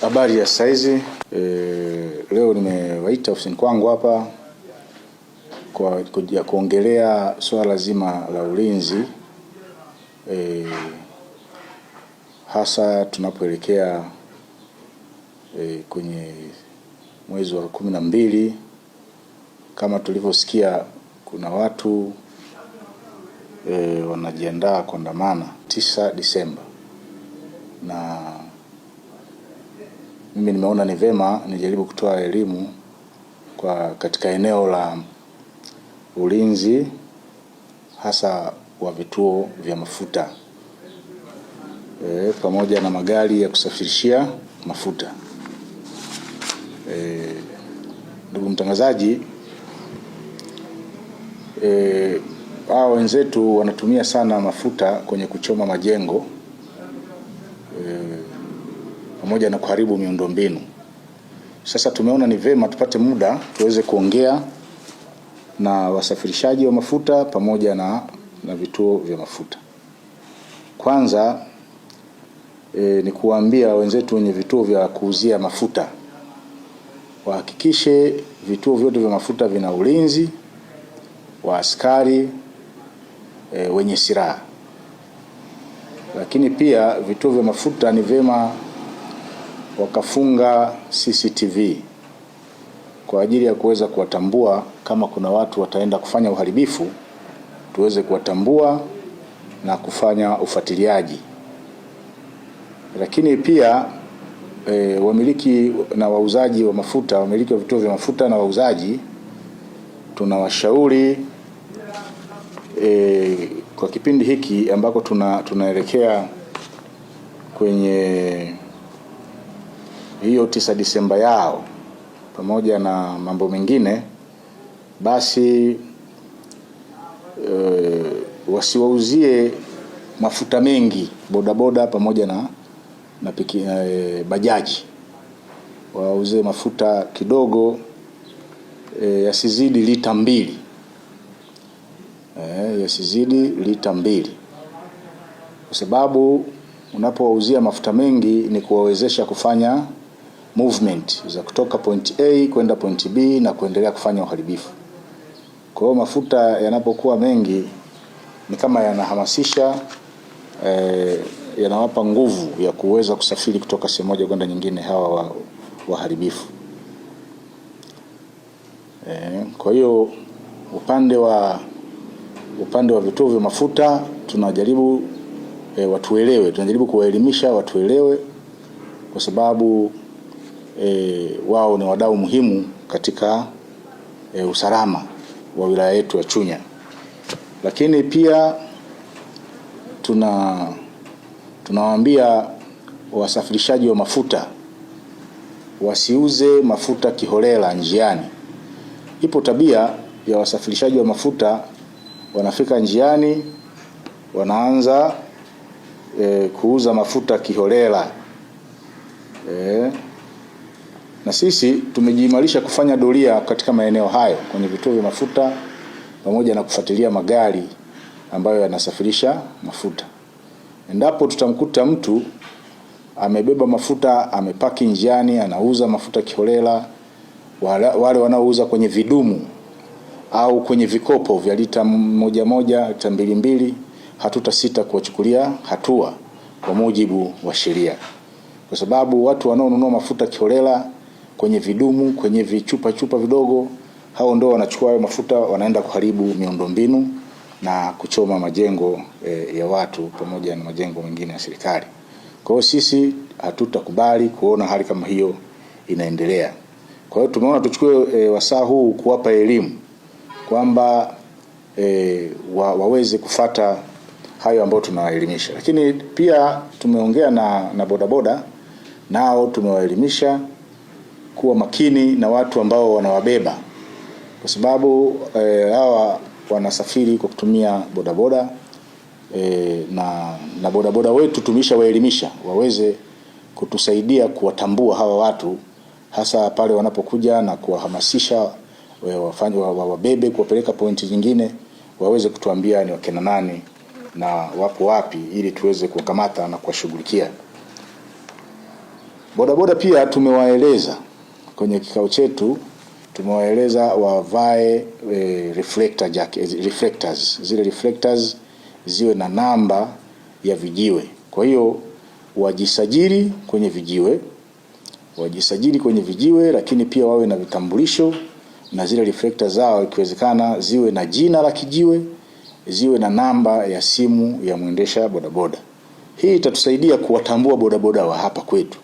Habari ya saizi e, leo nimewaita ofisini kwangu hapa kwa kuongelea swala zima la ulinzi e, hasa tunapoelekea e, kwenye mwezi wa kumi na mbili kama tulivyosikia, kuna watu e, wanajiandaa kuandamana tisa Disemba na mimi nimeona ni vema nijaribu kutoa elimu kwa katika eneo la ulinzi hasa wa vituo vya mafuta e, pamoja na magari ya kusafirishia mafuta. E, ndugu e, mtangazaji, hao wenzetu wanatumia sana mafuta kwenye kuchoma majengo pamoja na kuharibu miundombinu. Sasa tumeona ni vema tupate muda tuweze kuongea na wasafirishaji wa mafuta pamoja na, na vituo vya mafuta. Kwanza e, ni kuwaambia wenzetu wenye vituo vya kuuzia mafuta wahakikishe vituo vyote vya mafuta vina ulinzi wa askari e, wenye silaha. Lakini pia vituo vya mafuta ni vema wakafunga CCTV kwa ajili ya kuweza kuwatambua kama kuna watu wataenda kufanya uharibifu, tuweze kuwatambua na kufanya ufuatiliaji. Lakini pia e, wamiliki na wauzaji wa mafuta, wamiliki wa vituo vya mafuta na wauzaji, tunawashauri e, kwa kipindi hiki ambako tuna, tunaelekea kwenye hiyo tisa Disemba yao pamoja na mambo mengine, basi e, wasiwauzie mafuta mengi bodaboda pamoja na, na piki, e, bajaji wauze mafuta kidogo e, yasizidi lita mbili e, yasizidi lita mbili kwa sababu unapowauzia mafuta mengi ni kuwawezesha kufanya movement za kutoka point A kwenda point B na kuendelea kufanya uharibifu. Kwa hiyo mafuta yanapokuwa mengi ni kama yanahamasisha eh, yanawapa nguvu ya kuweza kusafiri kutoka sehemu moja kwenda nyingine hawa waharibifu wa eh. Kwa hiyo upande wa upande wa vituo vya mafuta tunajaribu eh, watuelewe, tunajaribu kuwaelimisha watuelewe kwa sababu e, wao ni wadau muhimu katika e, usalama wa wilaya yetu ya Chunya, lakini pia tuna tunawaambia wasafirishaji wa mafuta wasiuze mafuta kiholela njiani. Ipo tabia ya wasafirishaji wa mafuta wanafika njiani wanaanza e, kuuza mafuta kiholela e, na sisi tumejiimarisha kufanya doria katika maeneo hayo kwenye vituo vya mafuta pamoja na kufuatilia magari ambayo yanasafirisha mafuta. Endapo tutamkuta mtu amebeba mafuta amepaki njiani, anauza mafuta kiholela, wale wanaouza kwenye vidumu au kwenye vikopo vya lita moja moja, lita mbili mbili, hatutasita kuwachukulia hatua kwa mujibu wa sheria, kwa sababu watu wanaonunua mafuta kiholela kwenye vidumu, kwenye vichupa chupa vidogo. Hao ndio wanachukua hayo mafuta wanaenda kuharibu miundombinu na kuchoma majengo e, ya watu pamoja na majengo mengine ya serikali. Kwa hiyo sisi hatutakubali kuona hali kama hiyo inaendelea. Kwa hiyo tumeona tuchukue e, wasaa huu kuwapa elimu kwamba e, wa, waweze kufata hayo ambayo tunawaelimisha, lakini pia tumeongea na, na bodaboda nao tumewaelimisha kuwa makini na watu ambao wanawabeba, kwa sababu e, hawa wanasafiri kwa kutumia bodaboda e, na, na bodaboda wetu tumeshawaelimisha waweze kutusaidia kuwatambua hawa watu hasa pale wanapokuja na kuwahamasisha eh, wafanye wabebe kuwapeleka pointi zingine waweze kutuambia ni wakina nani na wapo wapi, ili tuweze kuwakamata na kuwashughulikia. Bodaboda pia tumewaeleza kwenye kikao chetu tumewaeleza wavae e, reflector jacket, reflectors. Zile reflectors ziwe na namba ya vijiwe. Kwa hiyo wajisajili kwenye vijiwe, wajisajili kwenye vijiwe, lakini pia wawe na vitambulisho na zile reflector zao ikiwezekana ziwe na jina la kijiwe, ziwe na namba ya simu ya mwendesha bodaboda. Hii itatusaidia kuwatambua bodaboda wa hapa kwetu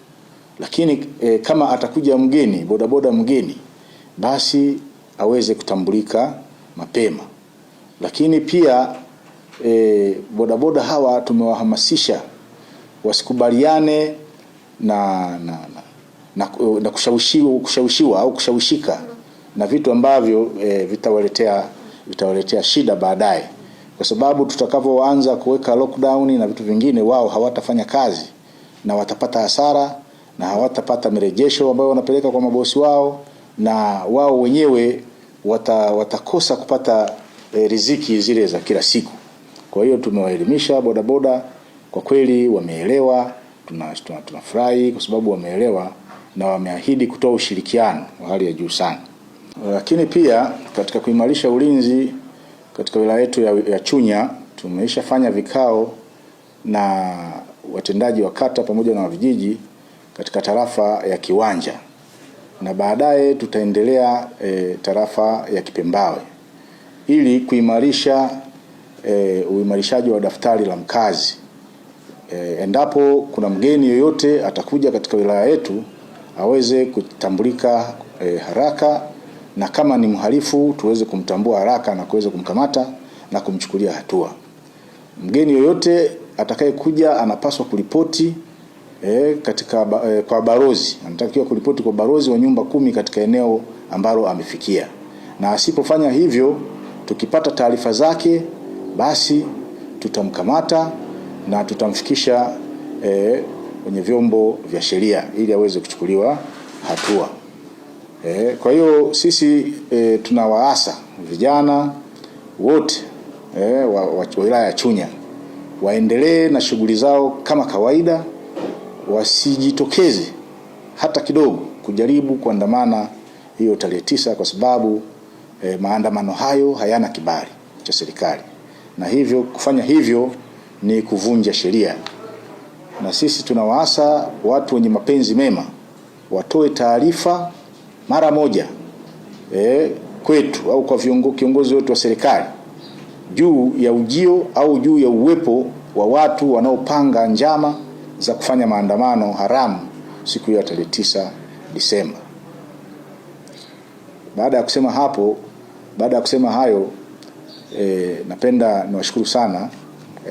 lakini e, kama atakuja mgeni bodaboda mgeni, basi aweze kutambulika mapema. Lakini pia e, bodaboda hawa tumewahamasisha wasikubaliane na, na, na, na, na kushawishiwa, kushawishiwa au kushawishika na vitu ambavyo e, vitawaletea vitawaletea shida baadaye, kwa sababu tutakapoanza kuweka lockdown na vitu vingine, wao hawatafanya kazi na watapata hasara na hawatapata mrejesho ambayo wanapeleka kwa mabosi wao, na wao wenyewe wata, watakosa kupata e, riziki zile za kila siku. Kwa hiyo tumewaelimisha bodaboda, kwa kweli wameelewa, tunafurahi tuna, kwa sababu wameelewa na wameahidi kutoa ushirikiano wa hali ya juu sana. Lakini pia katika kuimarisha ulinzi katika wilaya yetu ya, ya Chunya tumeishafanya vikao na watendaji wa kata pamoja na wa vijiji katika tarafa ya Kiwanja na baadaye tutaendelea e, tarafa ya Kipembawe ili kuimarisha e, uimarishaji wa daftari la mkazi e, endapo kuna mgeni yoyote atakuja katika wilaya yetu aweze kutambulika e, haraka na kama ni mhalifu tuweze kumtambua haraka na kuweza kumkamata na kumchukulia hatua. Mgeni yoyote atakayekuja anapaswa kuripoti e, katika e, kwa barozi anatakiwa kuripoti kwa barozi wa nyumba kumi katika eneo ambalo amefikia, na asipofanya hivyo, tukipata taarifa zake, basi tutamkamata na tutamfikisha e, kwenye vyombo vya sheria ili aweze kuchukuliwa hatua. E, kwa hiyo sisi e, tunawaasa vijana wote e, wa wilaya ya Chunya waendelee na shughuli zao kama kawaida wasijitokeze hata kidogo kujaribu kuandamana hiyo tarehe tisa kwa sababu eh, maandamano hayo hayana kibali cha serikali na hivyo kufanya hivyo ni kuvunja sheria. Na sisi tunawaasa watu wenye mapenzi mema watoe taarifa mara moja eh, kwetu au kwa kiongozi wetu wa serikali juu ya ujio au juu ya uwepo wa watu wanaopanga njama za kufanya maandamano haramu siku hiyo ya tarehe tisa Disemba. Baada ya kusema hapo, baada ya kusema hayo e, napenda niwashukuru sana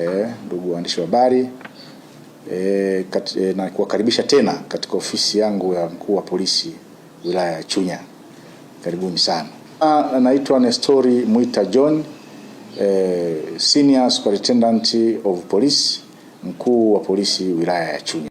e, ndugu waandishi wa habari e, e, na kuwakaribisha tena katika ofisi yangu ya mkuu wa polisi wilaya ya Chunya. Karibuni sana. Naitwa Nestori Mwita John, e, Senior Superintendent of Police mkuu wa polisi wilaya ya Chunya.